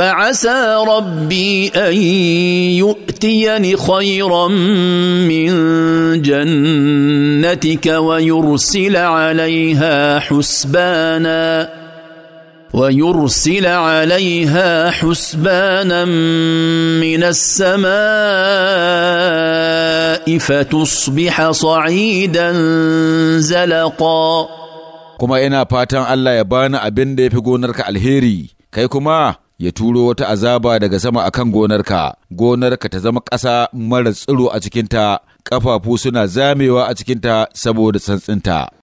فعسى ربي ان يؤتيني خيرا من جنتك ويرسل عليها حسبانا ويرسل عليها حسبانا من السماء فتصبح صعيدا زلقا كما انا فاتن الله يبان ابن ده في غونرك الهيري كيكما كما ya turo wata azaba daga sama akan gonarka, gonarka ta zama ƙasa mara tsiro a cikinta, ƙafafu suna zamewa a cikinta saboda santsinta.